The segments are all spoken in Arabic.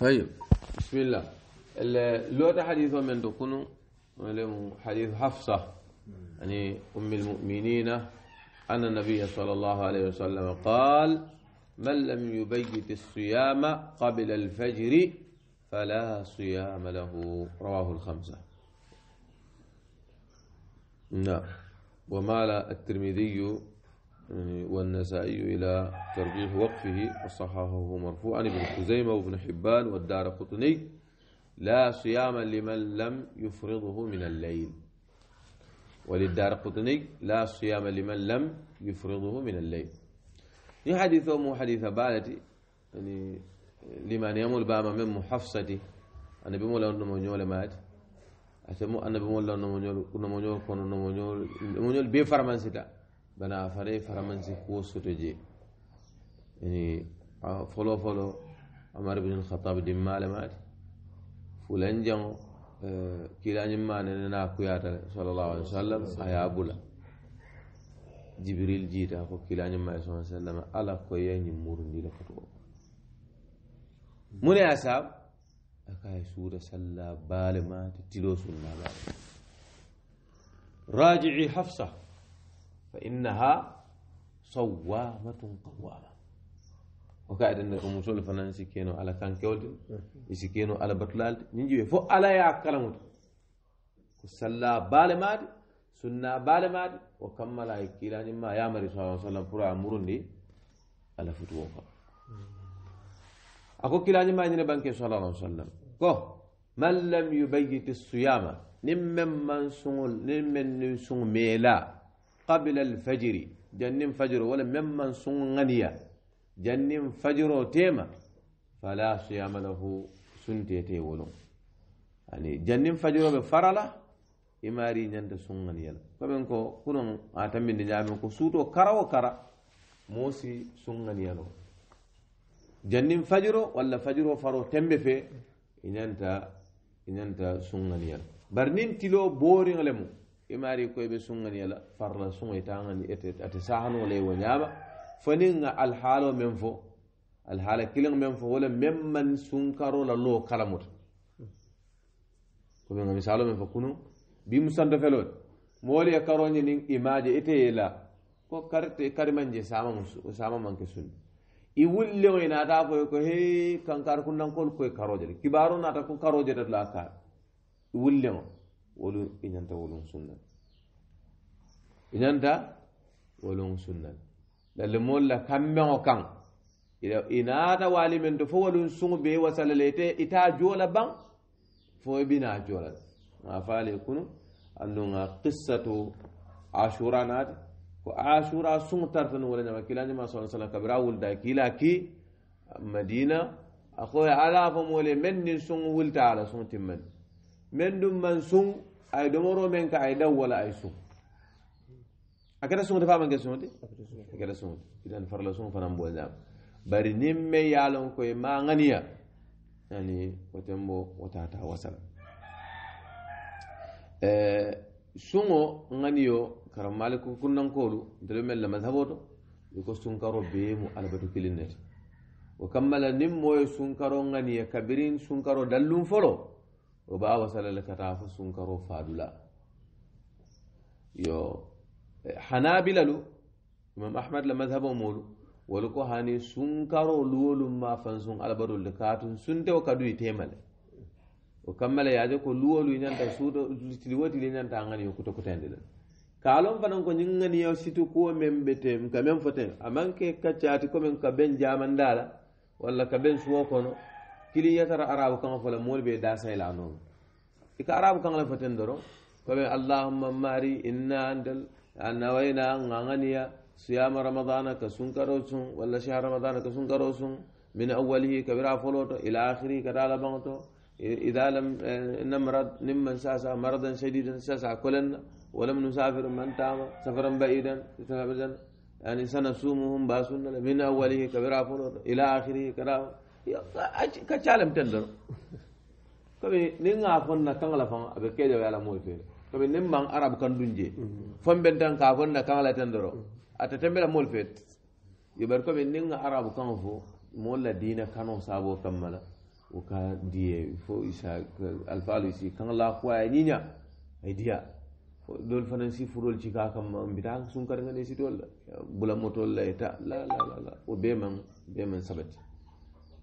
طيب بسم الله لوتا حديث من دكونو حديث حفصة يعني أم المؤمنين أن النبي صلى الله عليه وسلم قال من لم يبيت الصيام قبل الفجر فلا صيام له رواه الخمسة نعم ومال الترمذي يعني والنسائي إلى ترجيح وقفه وصححه مرفوعا ابن خزيمة وابن حبان والدار قطني لا صيام لمن لم يفرضه من الليل وللدار قطني لا صيام لمن لم يفرضه من الليل ني حديث مو حديث بالتي يعني لمن يمول بام من محفصتي أنا بمول أنه من يولي مات أتمو أنا بمول أنه من يولي كون أنه من يولي بفرمان ستا bana a fara i faramansi kuwo soto je yani a folo folo amar bin alkhatab din malamati fulan jango kilañin manene na kuyata le sallallahu alaihi wasallam aya bula jibril jiita ko kilañin ma sallallahu alaihi wasallam ala ko yeñi murundi le koto mune asab akaye suuda salla baale mati tilo sunna baale raji'i hafsa فإنها صوامة قوامة وكاد أنك مسؤول فنان سكينو على كان كيوتي سكينو على بطلال نجيب فو على يا كلامه كسلا بالماد سنة بالماد وكمل أي كلا نما يا مري صلى الله عليه وسلم برا مرندي على فتوه أكو كيلا نما يني بانك صلى الله عليه وسلم كو من لم يبيت الصيام نمن من سنول نمن سون ميلا قبل الفجر جنن فجر ولا ممن سنغنيا جنن فجر تيما فلا صيام له سنتيتي ولو يعني جنن فجر بفرلا imari ñanta sungan yala komin ko kunon a tambinde ñamin ko suuto kara o kara moosi sungan yalo jannin fajiro walla fajiro faro tembe fe iñanta iñanta sungan yala bari nin tilo booriŋole mum imari koye ɓe sungani ala farla sugoy tagani ate sahanole wo ñaama faninga alhaalo men fo alhaala kiliŋ men fo wala men man sunkarola loo kalamuta kominga misalo men fo kunu bi musanto felode moolu ye karoñe nin imaje ite ye la ko karte karimanje sama manke sunni i wulliŋo naata koye ko he kankar kunnankolu koye karoje le kibaro naata ko karoje tatla kaar i wulliŋo ولو إن أنت ولون سنة إن أنت ولون سنة للمولى لا كم من كان إن هذا والي من تفو ولون سنة بي وصل ليته إتا جولة بان فو بنا جولة ما فعل يكون أنه قصة عشورانات وعشورة سنة ترتن ولنما كلاني ما صلى الله عليه وسلم كبرا ولدا كلا كي مدينة أخوي على فمولي من سنة ولتا على سنة من من دون من سنة ay domoro men ka ay daw wala ay sun akata sun dafa man gasunti akata sun idan farla sun fanan bo jam bari nimme yalon koy ma ganiya yani wotembo wotata wasal eh sungo ganiyo karam maliku kunnan kolu dole mel la mazhaboto ko sunkaro be mu albatu kilinnet wa kammala nimmo sunkaro ganiya kabirin sunkaro dallun folo o ɓa wasalale ka taa fo sunkaro faadula yo hanabilalu imam ahmad la madhabo molu wolu ko hani sunkaro luwolum ma fan sun alabarol le katum sunte o kaduyi temale o kammala yaaje ko luwolu ñanta suuto tiliwotili ñanta ngani yo kuta kutende len kaalon fanan ko ñin ngani yo situ kuwo men ɓe tem ka men foten amanke kaccati komin ka ben jamandala walla ka ben suwo kono kili yatara arabu kaŋo fo la moolu be daasayla nooma i ka arabu kaŋo le foten doroŋ komi allahumma mari inna antal nawayna ŋaŋaniya siyama ramadana ka sunkaro sun walla shahar ramadana ka sunkaro sun min awalihi kabira folo to ila akhirihi kata labaŋo to إذا لم نمرض نمن ساسا مرضا شديدا ساسا كلنا ولم نسافر من تام سفرا بعيدا يعني سنصومهم باسون من أوله كبرا إلى آخره كرام ka calem tendor komi nin ga fonna kangala fan aɓe kejawa ala moy feere komi nin man arabe kan dun je mm-hmm. fomben tan ka fonna kangala tendoro mm-hmm. ata tembela mol feet yoɓer komi nin ga arabe kan fo molla dina kano sabo kammala o ka diye fo isa alfaalu isi kangala kuwaya ñiña ay diya dol fana si furol ka kamma mbita sunkar ngane sitol la bula motol la eta la la la la o be man be man sabati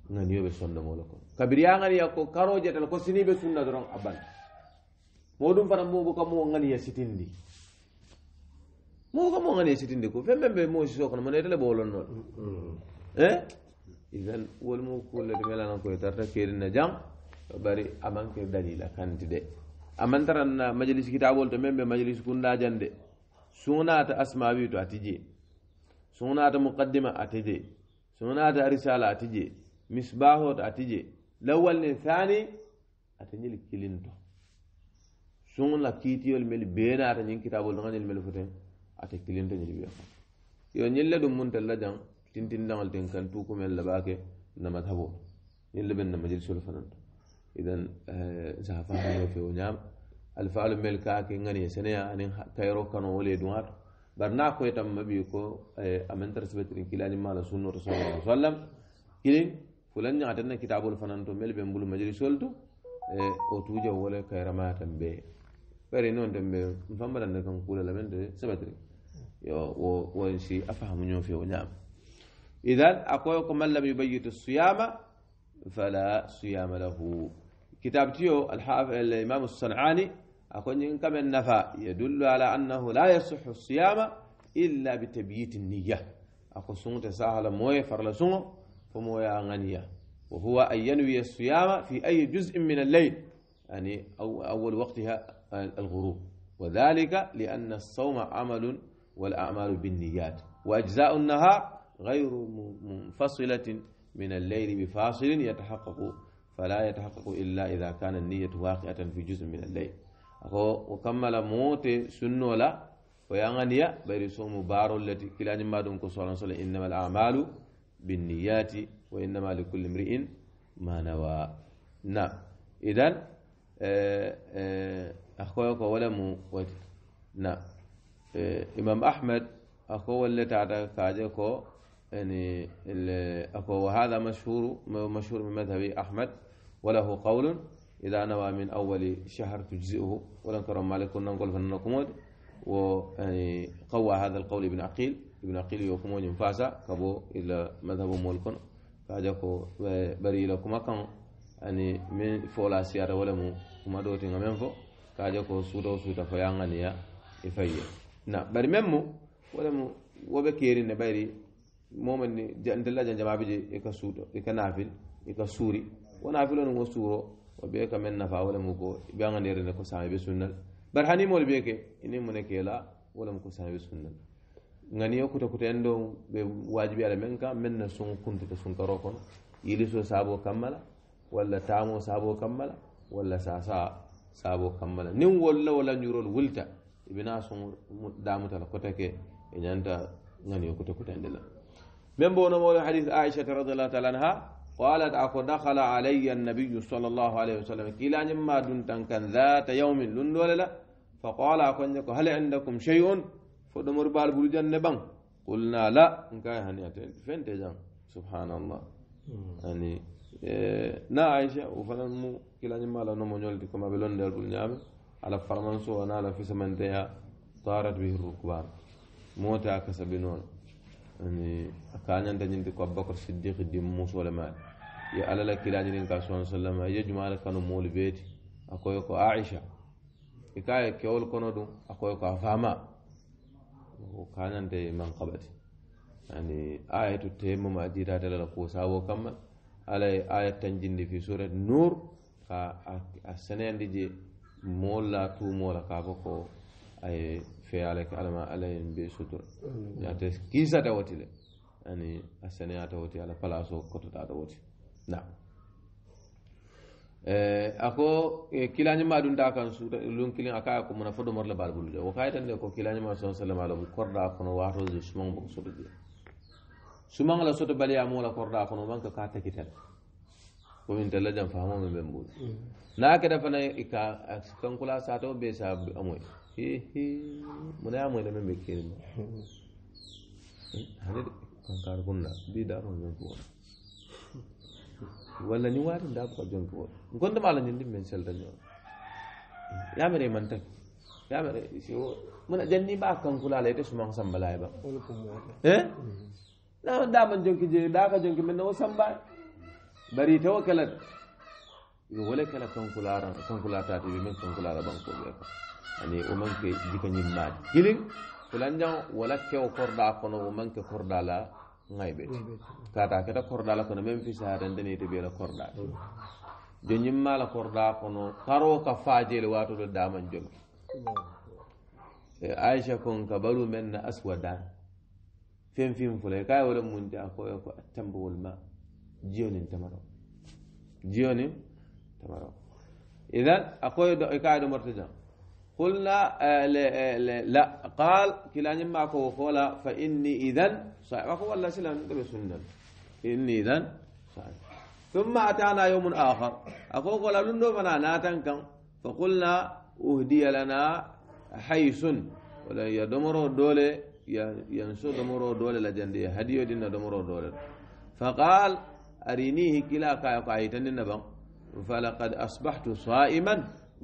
ganiyo ɓe sondomolo ko kabiriyaganiya ko karoje tal ko siniɓe sunna doron abal mo ɗum fana mo ka mo ganiya e sitindi mo ka mo ganiya e sitindi ko fembe ɓe mosiso kono mone tele ɓolonnoɗo mm. e eh? iden wolmo kulledi melana koye tarta kerina jam o bari amankir dalila kanti de aman taranna majalis kitabol to men ɓe majalis kunnajande sunata asma wi to atije sunata muqaddima atije sunata arisala atije misbahoto ati je lawal nin thani ata ñil kilinto suŋla kiitiyol mel beena ata ñiŋ kitabol naŋa ñel mel foten ata kilinto ñil bee fam yo ñiŋ le dum mun tel la jaŋ tintindaŋol ten kan tukumel la baake na madhabo ñiŋ le ben na majilisol fananto idan sahafaano fe wo ñaam alfaalu mel kaake ŋani seneya aniŋ kayro kano wo le duŋato bari naa koy tam mabi ko amantar sibetirin kilañimaa la sunnoto sallallahu alaihi wa sallam kiliŋ فلان يعتدنا كتاب الفنان تومل بيمبل مجلس ولتو أو توجه ولا كيرما تنبى فرينو تنبى فما بدنا نكون كولا لمن ده سبتري يا و وانشي أفهم نيو في ونام إذن أقوى كمال لم يبيت الصيام فلا صيام له كتاب تيو الحاف الإمام الصنعاني أقول إن كم النفى يدل على أنه لا يصح الصيام إلا بتبييت النية أقول سونت سهل موي فرلا سونو ومويا غنيا وهو أن ينوي الصيام في أي جزء من الليل يعني أول وقتها الغروب وذلك لأن الصوم عمل والأعمال بالنيات وأجزاء النهار غير منفصلة من الليل بفاصل يتحقق فلا يتحقق إلا إذا كان النية واقعة في جزء من الليل وكمل موت سنولا ويغنيا بيرسوم بارو التي كلا نما دون كسولا إنما الأعمال بالنيات وإنما لكل امرئ ما نوى نعم إذن آه، آه، أخوك ولم نعم آه، إمام أحمد أخو اللي تعرف كاجكو يعني أخو وهذا مشهور مشهور من مذهب أحمد وله قول إذا نوى من أول شهر تجزئه ولن كرم مالك نقول فنقمود وقوى هذا القول ابن عقيل ibn aqil yo kumoñum fasa kabo ila madhabu mol kono kaja ko bari ila kuma kan ani min fola siyata wala mu kuma doti nga men fo kaja ko suuta o suuta fo yanganiya e fayye na bari men mu wala mu woɓe kerine ɓayri momen ni ndella jan jamaɓe je eka suuto eka nafil eka suuri wo nafil onin wo suuro o ɓe ka men nafa wala mu ko ɓe anganirene ko same ɓe sunnal bari hanimol ɓe ke ini mune kela wala mu ko same ɓe sunnal ngani ganiyo kuta kuta en ɗon ɓe waajibi ala men kan men na sun karo kon yili so sabo kammala wala taamo sabo kammala walla sasa sabo kammala nim wolla wala nyurol wulta ibina sun damu damutala kota ke e ñanta ganiyo kuta kuta endela men bo no مولى hadith aisha radhiyallahu ta'ala anha عنها قالت أكو دخل علي النبي صلى الله عليه وسلم كلا نما دنتن كان ذات يوم لن ولا لا فقال أكو هل عندكم شيء فدمر بال بول جنة بان قلنا لا نكاي هنيتين فين تجان سبحان الله يعني na aicha o fanan mu kilañima ala nomo ñoldi comme aɓe londel ɓol ñaame ala farmanso wona ala fisamanteya tarat bihi rukban moote a kasabi noon ani a kañantañinde ko aboubacar siddiqe dim musole maade yo ala la kilañirin ka sa sallam a yejuma ala kano moolu beeti akoye ko aicha e kaye kewol kono ɗum akoye ko a faama وكانت من قبلتي يعني آية التيمم أديرات للقوسة وكما على آية تنجند في سورة النور السنة اللي مولا تو مولا كابوكو أي في عليك على ما عليهم بسطر يعني كيسة دوتي يعني السنة دوتي على بلاسو كتو دوتي نعم ako kilañima ɗum da kan suuta lum kilin aka ko mona fo ɗomorle baal bulude wo kayitande ko kilañima sa sallam ala mo korɗa kono watoje sumaŋ boko soto je sumaŋ la soto baliya mola korɗa kono manka ka takitel komin tella jam fahamo men ɓen mbuɗo na keda fana ka kankula sato be sa amoy hihi mona amoyla men ɓe kirima hanede kankar kunna bi daro men ko wona wala ni waati nda ko jon ko gonda mala ni lim men selda ni ya mere man tan ya mere si o mun janni ba kan kula la ite suma sambala ba eh na da man jonki je da ka jonki men no samba bari tawakkalat yo wala kala kan kula ran kan kula ta bi, men kan kula ban ko be ani o man ke jika nyimma kilin kulanjan wala ke o korda kono o man ke korda la ngay ɓeeti kata keta korda la kono même fisaatan denete ɓeela korda jo ñimmala korda kono karo ka faajele watoɗo daman jomi e aicha kon ka baru men na aswadan fen fin fulay kay wala munte a koye ko attambowol ma jiyonin tamaro jiyonin tamaro idan a koye do e kaye ɗo marta jam قلنا آه، آه، لا, قال كلا نما فولا فإني إذا اخو ولا سلام سنن إني إذا صائم ثم أتانا يوم آخر أقول قولا لندو فنا ناتنكم فقلنا أهدي لنا حيث ولا يدمروا دولة ينسو دمروا دولة لجندية هديو دينا دمروا دولة فقال أرينيه كلا كايتن نبا فلقد أصبحت صائما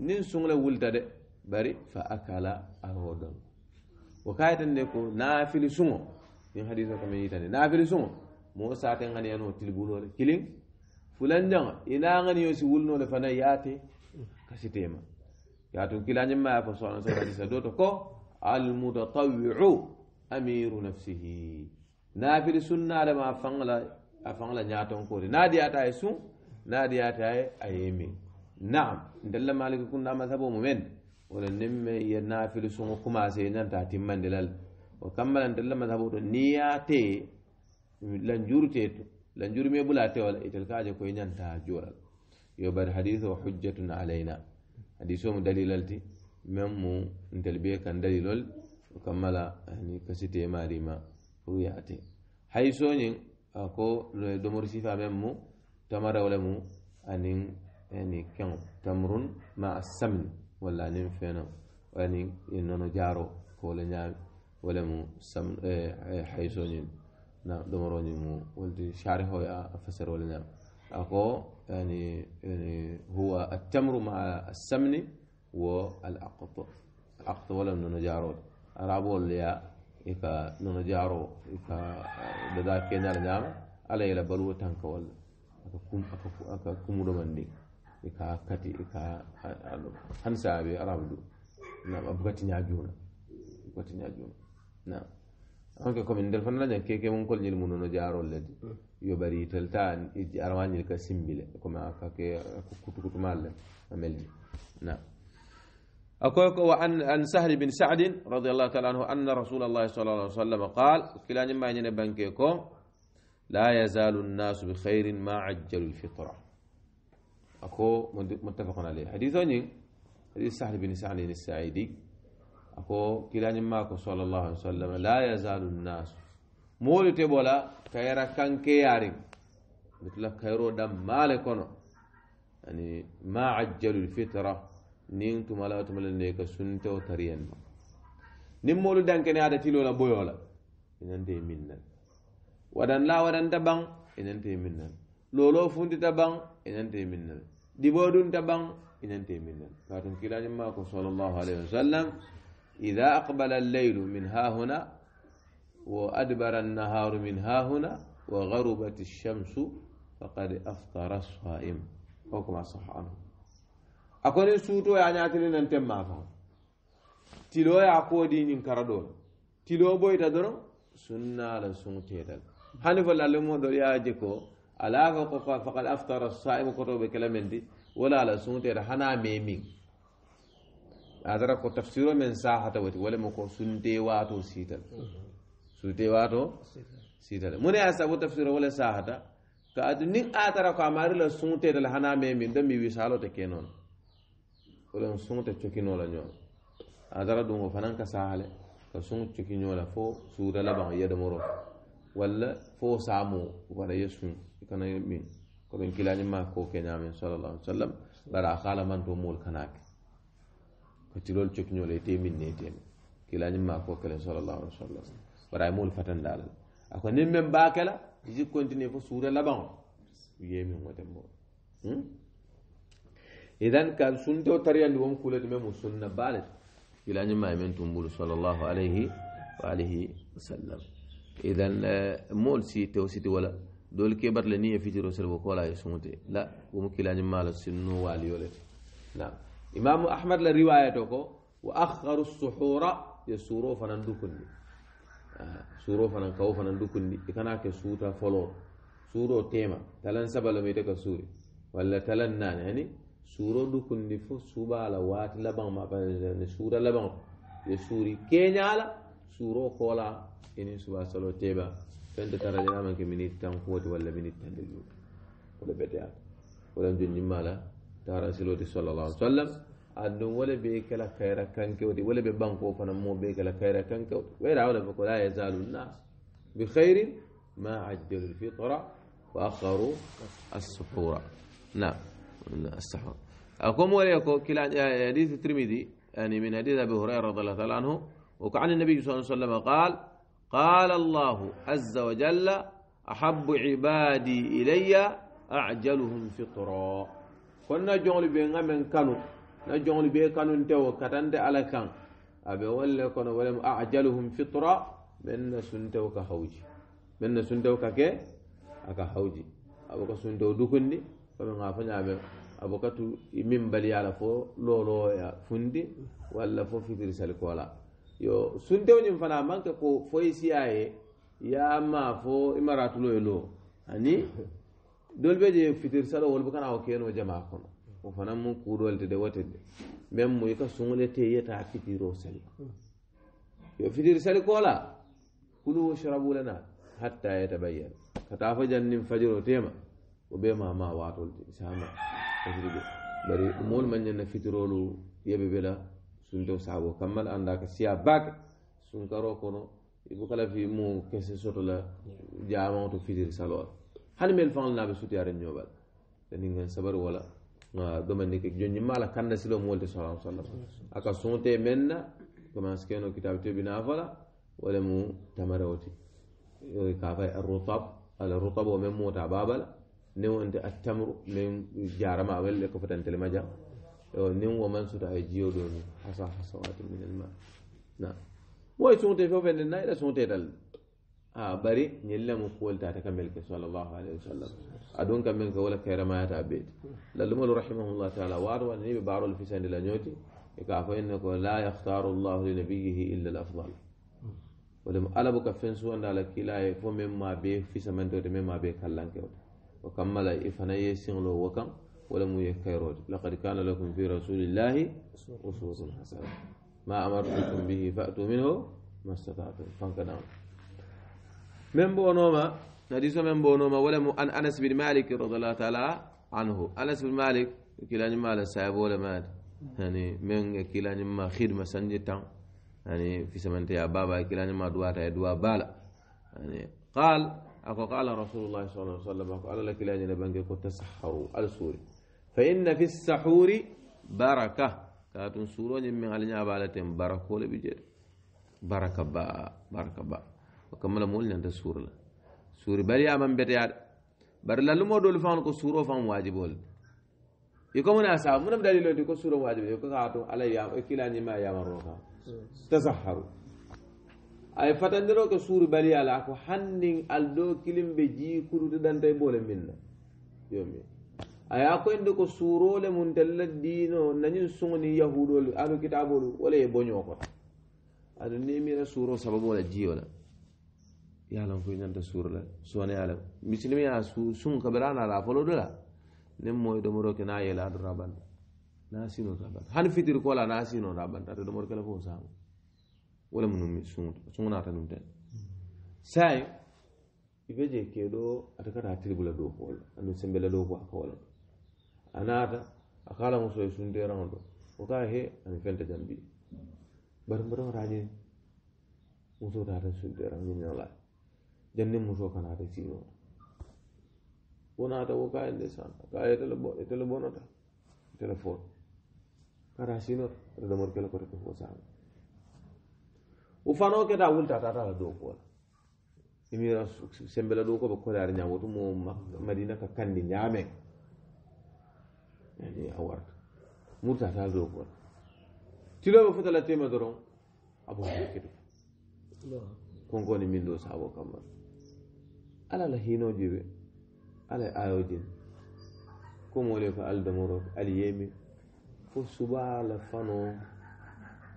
ننسون لولتده bari fa akala awodan wo kayitande ko naafili suŋo in hadisa kama yitande naafili suŋo moo saaten ŋaniyano tilibulore kiliŋ fulanjaŋa ina ŋaniyo si wulnole fana yaate kasitema yaatu kilañimma ya fo sona sa hadisa doto ko almutatawiu amiru nafsihi naafili sunnaade ma faŋla a faŋla ñaatonkode naadiyata ye suŋ naadiyata ye a naam ndella maliki kunna masabo mu men wala niŋ me ye naafili suŋo commencé nanta timmandi la le o kamma la ntelu la madhabu to niŋ ye a teye lanjuru tee to lanjuru me bula tewo la itel ka je koye ñanta joora la yo bari hadise o hujjatun alayna hadise o mu dalilal ti meŋ mu ntelu bee kaŋ dalilol o kamma la ani kasitee maarima pour ye a te haysoñiŋ ko domor sifa meŋ mu tamaraw le mu aniŋ ani keŋo tamrun ma samni ولا نين فينا واني يعني إننا جارو كولا نيا ولا مو سم إيه، إيه، حيسو نا نعم دمرو مو ولدي شعري هو أفسر ولا نعم أقو يعني يعني هو التمر مع السمن والعقط الأقط ولا من نجارو أرابو ليا اذا نونو جارو إكا ددا كينا لنعم على يلا بلوة تنكو ولا أكا اكو اكو كم رمندي ika kati ika hansaɓe arabdu nam a bugati ñajuna bugati ñajuna nam anke comme nder fana laña keke mum kolñil mu nono jarol ledi yo bari tel ta aramañil ka simbile comme akake kutukutumal le amelji nam أقولك وأن عن سهل بن سعد رضي الله تعالى عنه أن رسول الله صلى الله عليه وسلم قال كلا ما ينبنكيكم لا يزال الناس بخير ما عجلوا الفطرة أكو متفق عليه حديث أني حديث سهل بن سعد السعيدي أكو كلا أكو صلى الله عليه وسلم لا يزال الناس مول تبولا كيرا كان كياري مثل كيرو دم مالكنا يعني ما عجل الفطرة نين تمالا تمالا نيكا سنتو تريان نين مولو دان كني هذا تلو لا بويولا إنن تي منن ودن لا ودان دبان إنن تي منا lolo fundi tabang inante minna dibodun tabang inante minna katun kilani ma ko sallallahu alaihi wasallam idha aqbala al-layl min ha huna wa adbara an-nahar min ha huna wa gharubat ash-shams faqad aftara as-sa'im wa kama sahanu akoni suto ya nyatini nan temma fa tilo ya kodi nin karado tilo boyta dono sunna la sun tedal hanifal lalumo do ya je ko ألا فقد أفطر الصائم كتب بكلام دي ولا على سنتي رحنا ميمين هذا كو تفسير من ساحة وتي ولا مكو سنتي واتو سيتل سنتي واتو سيتل من أسابو تفسير ولا ساحة كأدنين أترى كامار لا سنتي رحنا ميمين دم بيسالو تكينون ولا سنتي تكينون لا نيون أدرى دونو فنان كساحة ka تكينون لا فو la fo suuda labaŋ yedamoro walla fo saamoo wala كان يمين كل إن كلاني ما هو كي نامين صلى الله عليه وسلم برا خالة من تومول خناك كتلول تكنيو ليتي من نيتي كلاني ما هو كلا صلى الله عليه وسلم برا مول فتن دال أكو نيم من باكلا يجي كونتيني فو سورة لبان يمين وتم مول إذن كان سنتو تريان دوم كولا دمو سنة بالد كلاني ما يمين تومول صلى الله عليه وعليه وسلم إذن آه، مول سي تو سي ولا dol ke bar le ni fitiro sel bo kola e sunte la wo mukilani mala sinno wali yolete nam imam ahmad la riwayato ko wa akharu as-suhura yasuru fanan dukundi suro fanan kawo fanan dukundi ikana ke suta folo suro tema talan sabala mai taka suri walla talan nan yani suro dukundi fo suba la wati laban ma ba ne sura laban ya suri kenyala suro kola ini suba salo teba fente karajana manke minute tan kooti walla minute tan e juuɗe wole ɓeteyata wolen jonñimmala taran siloti sallallah alih w sallam andum wole ɓe kala kayra kankewde wole ɓe banko fana mo ɓe kala kayra kankewde wayra wole fo ko la yazalu nnas bi hayrin ma ajjalu lfitra wa akharu assuhura nam السحور أقوم وليكو كلا حديث الترمذي يعني من حديث أبي هريرة رضي الله تعالى عنه وعن النبي صلى الله عليه وسلم قال قال الله عز وجل أحب عبادي إلي أعجلهم فطرا كنا جونل بينا من كانوا نجونل بي كانوا انتو كتند على كان أبي ولا كنا ولم أعجلهم فطرا من سنتو كهوجي من سنتو كك أكهوجي أبو كسنتو دكندي فمن غافنا أبي أبو كتو من بلي على فو لولو يا فندي ولا فو في درس الكولا yo suntewoñin fana manke ko foye siya ye yama fo imaratuloye lo ani dol be je fitir salo wol bukana o keno jama kono o fana mu kuudol te de wote de même mu ika sungule te yeta fitiro sali yo fitir sali kola kulu washrabu lana hatta yatabayyana kata fo jannin fajiro tema o be ma ma watol te sama bari mol man na fitirolu yebe bela sundo sabo kammal anda ka siya bake sunkaro kono ibu kala fi mu kese soto la jamaŋo to fitiri salol hani mel faŋol naɓe sutiyaren ñoɓal taniŋen sabar wala domandi ke jonñimma ala kanda silo mu wolte salam sallam aka sunte men na commence keno kitabe tebi nafola wala mu tamarewoti kafa arrutab ala rutab o men mota babala newonte attamru min jarama welle ko fotantelema jam نين ومن سوت هاي جيو دوني حصى حصوات من الماء نعم وي سون تي فوفن نا الى سون تي دال ها بري نيلا مو فول تا تكمل صلى الله عليه وسلم ادون كمل ولا خير ما يتعبد للمول رحمه الله تعالى وار وني بارو الفسان لا نيوتي يكافو انك لا يختار الله لنبيه الا الافضل ولم ألبو كفن سوى أن على كلا يفهم ما بيه في سمنتو تمام ما بيه كلام كيوت وكمل إفنا يسين لو وكم ولم يكيرون لقد كان لكم في رسول الله أسوة حسنة ما أمرتكم به فأتوا منه ما استطعتم فانك فانكنا من بونوما حديث من بونوما ولم أن أنس بن مالك رضي الله تعالى عنه أنس بن مالك كلا ما السعب ولا مال يعني من كلا ما خدمة سنجتا يعني في سمنت يا بابا كلا ما دواتا دوا بالا يعني قال أقول قال رسول الله صلى الله عليه وسلم قال لك لا جنبان قلت تسحروا السوري فإن في السحور بركة كاتون سورون من على نعبالتهم بركة ولا بجد بركة با بركة با وكمل مولنا أنت سورة لا سورة بلي أمام بتيار برلا لمو دول فان كو سورة فان واجب ول يكو من أساب من بدليل يكو سورة واجب يكو كاتون على يام إكلا نما يام روكا تسحروا أي فتندرو كو سورة بلي على أكو حنين ألدو كلم بجي كرو تدان تيبول منا يومي a ye koyinde ko suurole mun telle diino nañin suŋoni yahudolu ado kitabolu wala ye boñoo kono ado nimira suuro sababola jiyo la yalan koy ñanta suuro la soone ala misilimiya suŋ kabirana la folo do la nin moy domoro ke na yela do rabanta na sino rabanta han fitir ko la na sino rabanta ato domoro kele fo saamu wala mu numi suŋo suŋonata num ten saayi ibe je ke do ata kata tiribula do fo la ando sembe la do ko a kawolato anata akala muso sunderaŋo do o ka he ani fente jambi bari mbotoŋo taje muso tata sunderaŋ ñiñaŋ la janni muso kanata sino wo naata wo kaye nde santa kaye itele bonata itele foot kata sinota ata domor kele kote ke fo sama wo fanoo keta wulta tata la doo kuwola imira sembela doo ko ɓe kodaari ñawotu mo madina ka kandi ñaameŋ ede a warta murtata zookon tiloɓe fotala tema doron abo kedo eh. konkoni min do saabo kamma ala la hinoji ɓe ala e ayojin ko mole ko aldamoro aliyemi fo suba la fano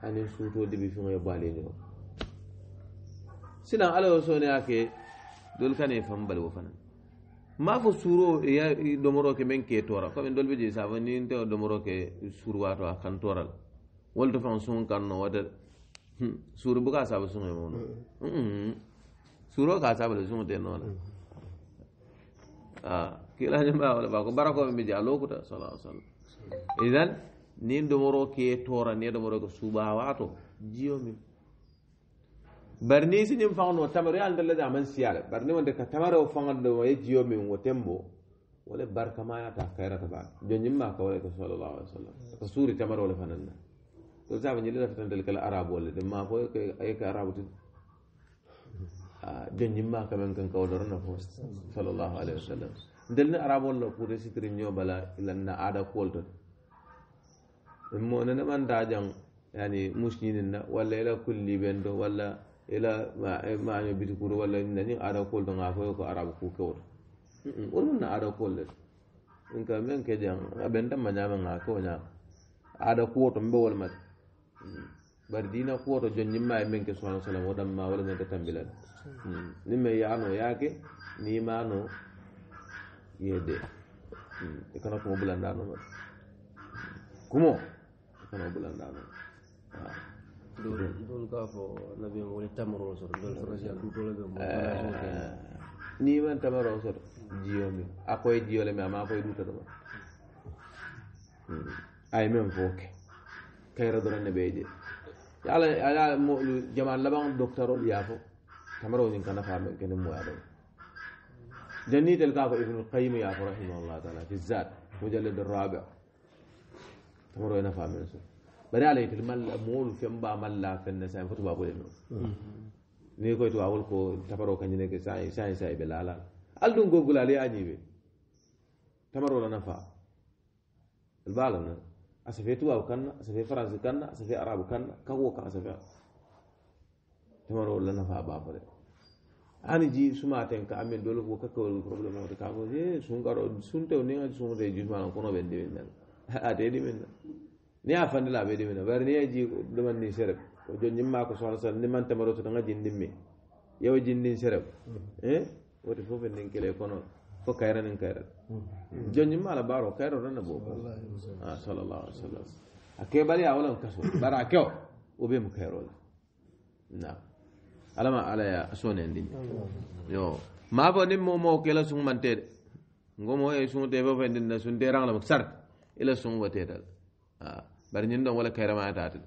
anin suutode ɓe fiŋoye baaleni o Sinan ala yo sone ake dol kane fambal wo fanan ma fo suuro ya domoro ke men ke tora comme en dolbe je sava ni nte o domoro ke surwato a kan toral wolto fan sun kanno wata suuru buka saba sun e mono suuro ka saba le sun te noona a kila nyamba wala ba ko barako be je alokuta sallallahu alaihi wasallam idan ni domoro ke tora ne domoro ko subawato jiyo min bari ni siñin faŋno tamaro ye andalla da man siyala bari ni wonde ka tamaro faŋallo ye jiyo min wo tembo wala barkamayata kayrata ba joñim ma kawala ko sallallahu alaihi wasallam ka suuri tamaro le fananna to saba ñi la fitandel kala arabo le de ma ko ay ka arabo ti joñim ma kamen kan kawdoro na fo sallallahu alaihi sallam ndel ni arabo lo pour resitri ño bala ilanna ada kolto mo ne man da jang yani mushkinin na wala ila kulli bendo wala ila maño biti kuto walla nani arakol to ga foye ko wala na ara arakol le in ka men ke jan ma damma ma ko kewo ñama aada kuwoto mbe wala mate bar dina kuwoto jonñimma e men ke subahana sallam ma wala walla ta tambila mm. ni me n'o men yano yaake nimano yede mm. e kana kumo bulandanoma mm. kumo e kana bulandanoma waaw ah. ni man tamaro soto jiyo mi a koye jiyo le mi ama koye duta tama ay men foke kayra dorane ɓe je ala ala jaman laban docteur ol yafo tamaro ñin kana famen kene moya ɗo jannitel ka ko ibnul qayim yafo rahimahullah taala fi zat mujallad rabi tamaro ena famen soto bari ala yitil malla moolu femba malla fenne sayin fo tubaabole no ni koy tubaabol ko taparo kañine ke sayi sayi sayi ɓe laala al ɗum gogulali a ñiɓe tamarola nafa albalana a safe tubabu kanna a safe france kanna a safe arabu kanna kawo kan a safe tamarola nafa bafore ani ji suma ten ka amen dole ko kakkawol probléme oto ka ko e sunkaro suntew ni a sumte jusmanan kono ɓen ndimin nan a teɗimin nan ni a fandi la be dimina bari ni ye ji duman ni serep o jo nyimma ko so so ni man tamaro to nga jindin me yewo jindin serep eh woti fofe nin kele kono fo kayra nin kayra jo nyimma la baro kayro ran bo ko ah sallallahu alaihi wasallam ake bari a wala kaso bara ke o be mu kayro na alama ala ya sonen din yo ma bo nim mo mo kela sun mante ngomo e sun te bo fendin na sun te rang la maksar ila sun watedal ah bari ñin ɗon wala kayramayataten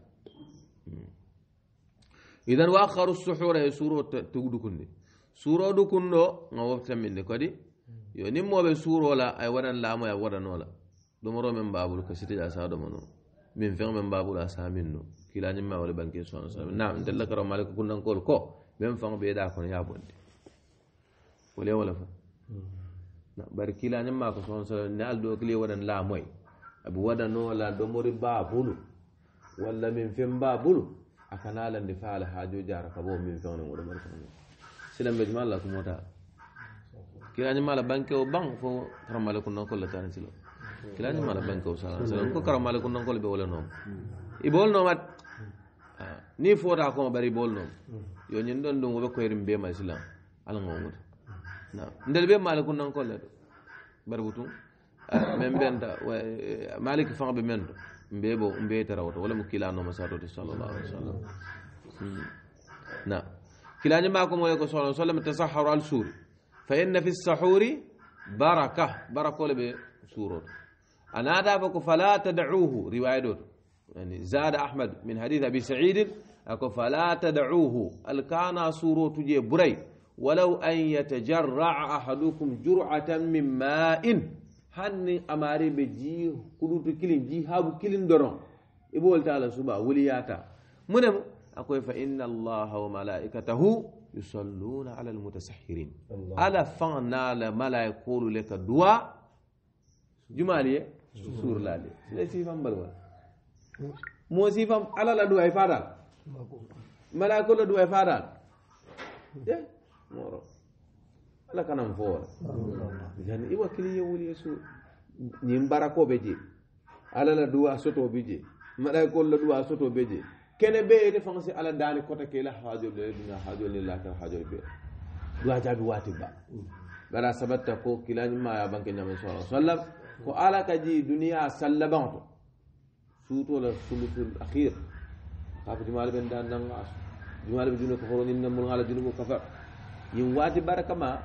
idan wa haru suhura e suuro tugudu kunde suuro du kunɗo ga woftaminde kadi yo nin moɓe suurola ay waɗan laamoya waɗanola ɗumoro men mbabulu ka sitija sa ɗomano min feŋ men mbabulu a sa min no kilañimma wala banke sona sa nam ntella karo malika kunnankol ko men faŋ ɓeeɗa kono ya bonde wole wala fa bari kilañimma ko sona sa ne aldo kili waɗan laamoye aɓe waɗanola domori mba bulu walla min fen mba bulu akanalande faala haajoji ara kabo min fewne oɗo mari kono silambeji ma allah kumota kirañimala banque o ban fo karamale kun nankolle tani silo kirañimala banque o sala sallam ko karamale kun nankolle ɓe wolanoma i bolnomat ni fota koma bari i bolnoma yo ñin ɗon ɗum oɓe koyerim bemal silam ala gowguta ndel ɓe male kun nankolle ɗo bari butum men benda maliki faŋo be men do mbe bo mbe tarawoto wala mu kilanoma satoti sallallahu alaihi wasallam na kilañi ma komoye ko sallallahu alaihi wasallam tasaharu al suuri fa inna fi sahuri baraka barakole ɓe suuroto a naataba ko fala tadacuhu riwaya ɗo to yani zada ahmad min hadith abi saidin ako fala tadacuhu alkana suurotuje buray walaw an yatajarraca ahadukum jur'atan min ma'in hanni amari be ji kulutu kilin ji habu kilin doron ibo walta ala suba wuliyata munem akwai fa inna allaha wa malaikatahu yusalluna ala almutasahhirin ala fana la malaikulu leka duwa jumaliye sur lade sile sifam balwa mo sifam ala la duwa e fadal malaikulu duwa e fadal ye moro ala kana n foora yani i wakili ye wuli yesu ñin barako be je ala la duwa soto be je malaikol la duwa soto be je kene be yete fanga si ala dani kota ke la hajol le dunga hajol le lata hajol be duwa jabi wati ba bara sabatta ko kilani ma ya banke nyame sallallahu alaihi wasallam ko ala ka ji duniya sallabanto suto la sulusul akhir kafa jumal ben dan nan asu jumal be juno ko horo nin nan mun ala juno ko kafa yin wati baraka ma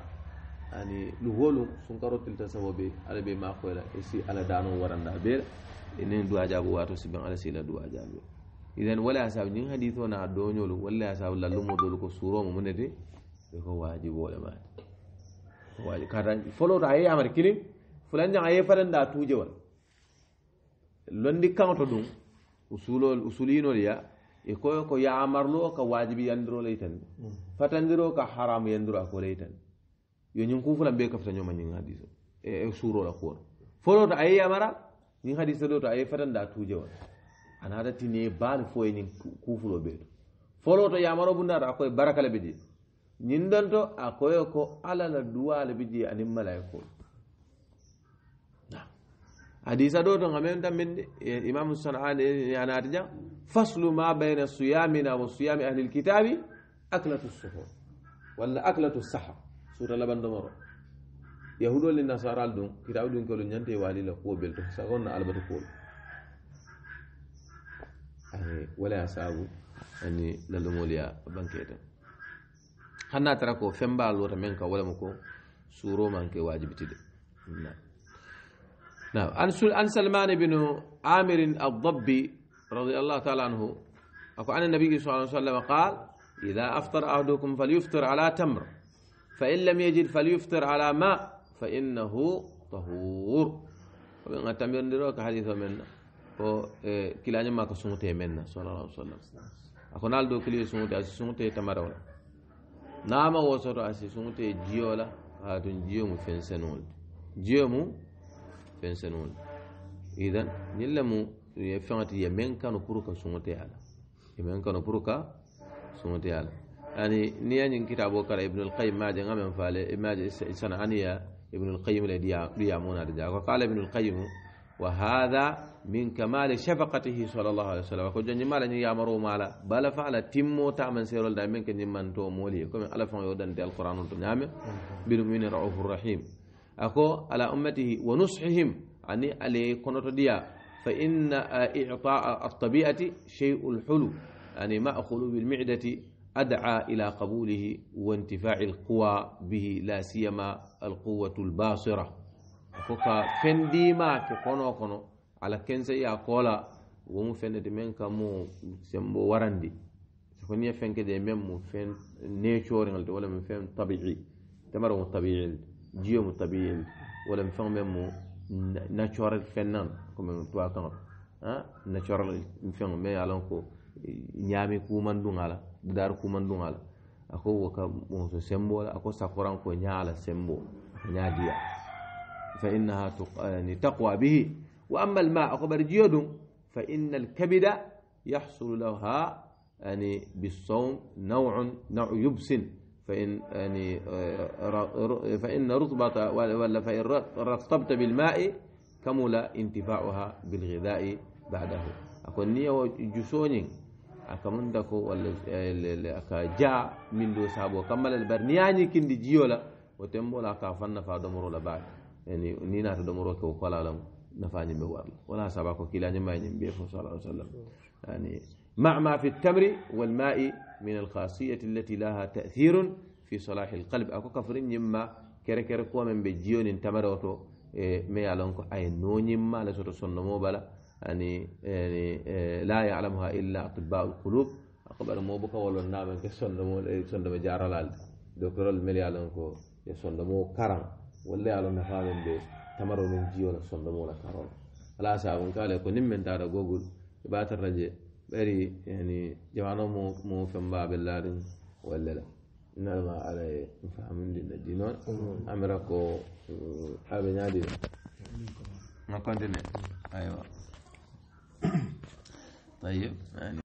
ani luwolu sunkaro tilta sababe ala be ma koyla isi ala dano waranda be enen duwa jabu wato siben ala sila duwa jabu idan wala asab nyin haditho na donyolu wala asab lallumo dolu ko suro mo munete be ko wajibo le ma waji kadan folo da ayi amar kilim fulan jan ayi faranda tuje wal londi kanto dum usulol usulino ya e koyo ko ya amarlo ka wajibi yandiro leitan fatandiro ka haram yandiro ko leitan yo ñiŋ kuŋ fulaŋ bee kafita ñoma ñiŋ hadisa e suuro la kuwo folo to a ye yamara ñiŋ hadisa do to a ye fatanda a tuuje wa a naata tine baani fo ye ñiŋ kuufuloo bee to folo to yamaro bundaata a koye baraka le be jee ñiŋ don to a koye ko ala la duwa le be jee aniŋ malayikoolu hadisa do to ngamen tan min imam sanani anati jang faslu ma bayna siyamina wa siyami ahli alkitabi aklatu suhur walla aklatu sahar suuta labandomoro yahudol ni nasaral ɗum kitabu ɗum kolo ñante walila kuwo bel to sagonna albata kuwol aye walaya saabu ani lalumol ya banketen hanna tara ko femba lota men ka walamo ko suuro manke wajibitide نعم عن سلمان amir عامر الضبي رضي الله تعالى عنه عن النبي صلى الله عليه وسلم قال إذا أفطر أحدكم فليفطر على تمر فإن لم يجد فليفطر على ماء فإنه طهور وبين أتمير نروك حديث منا وكل أنما كسمته منا صلى الله عليه وسلم أخونا لدو كل يسمته أسسمته تمرولا نعم وصر أسسمته جيولا هذا جيوم فنسنول جيوم فنسنول إذن نلمو يفعت يمنك نكروك سمته على يمنك نكروك سمته على يعني نيان كتابو كار ابن القيم ما جا من فال ما جا سنة أنيا ابن القيم الذي يامون رجع وقال ابن القيم وهذا من كمال شفقته صلى الله عليه وسلم وكو جن مال ني يامرو مالا بل فعل تيمو تامن سيرول دا منك ني من تو مولي كما الف يودن دي القران تو نعم بالمؤمن رؤوف الرحيم اكو على امته ونصحهم اني علي كنوت ديا فان اعطاء الطبيعه شيء الحلو يعني ماخذ بالمعده أدعى إلى قبوله وانتفاع القوى به لا سيما القوة الباصرة فكا فندي ما كونو كونو على كنسة يا كولا ومو فند من كمو سمو ورندي فنيا فنك دي من مو فن نيتشورنال ولا من فن طبيعي تمرو طبيعي جيو طبيعي ولا من فن مو ناتشورال فنان كما توا كان ها ناتشورال فن ما نيامي كومان دون على dar kumanduŋa la a ko wo ka muso sembo sa a ko nya ñaa la sembo nya dia fa innaha tuqani taqwa bihi wa amma al a akbar bari fa inna kabida يحصل لها يعني بالصوم نوع نوع يبس فإن يعني فإن رطبة ولا فإن رطبت بالماء كمل انتفاعها بالغذاء بعده أكون نية جسوني akamundako dako walla aka ja min do sabo kamal le bari yañi kindi jiyo la wo tembola aka domoro la baake yani ni naata domoro ke wo kola lam nafa ñimɓe war wala saba ko kilañima ñim be fo alaihi wasallam yani مع ما في التمر والماء من الخاصية التي لها تأثير في صلاح القلب أكو كفر نما كركر من بجيون تمر وتو مي علونكو أي نو نما لسوتو سنمو بلا يعني يعني آه, لا يعلمها إلا أطباء القلوب أقبل مو بك ولا نام كسندمو إيه سندم جارلال دكتور المليالون كو يسندمو كرم ولا على نفاهم بيس تمرو من جيو لا لكرم لا سابون قال يكون من دار جوجل بات الرجع بري يعني جوانو مو مو فم باب الله ولا لا إنما على فهم دين الدينون أمركو آه، أبنادي ما كنت أيوه طيب يعني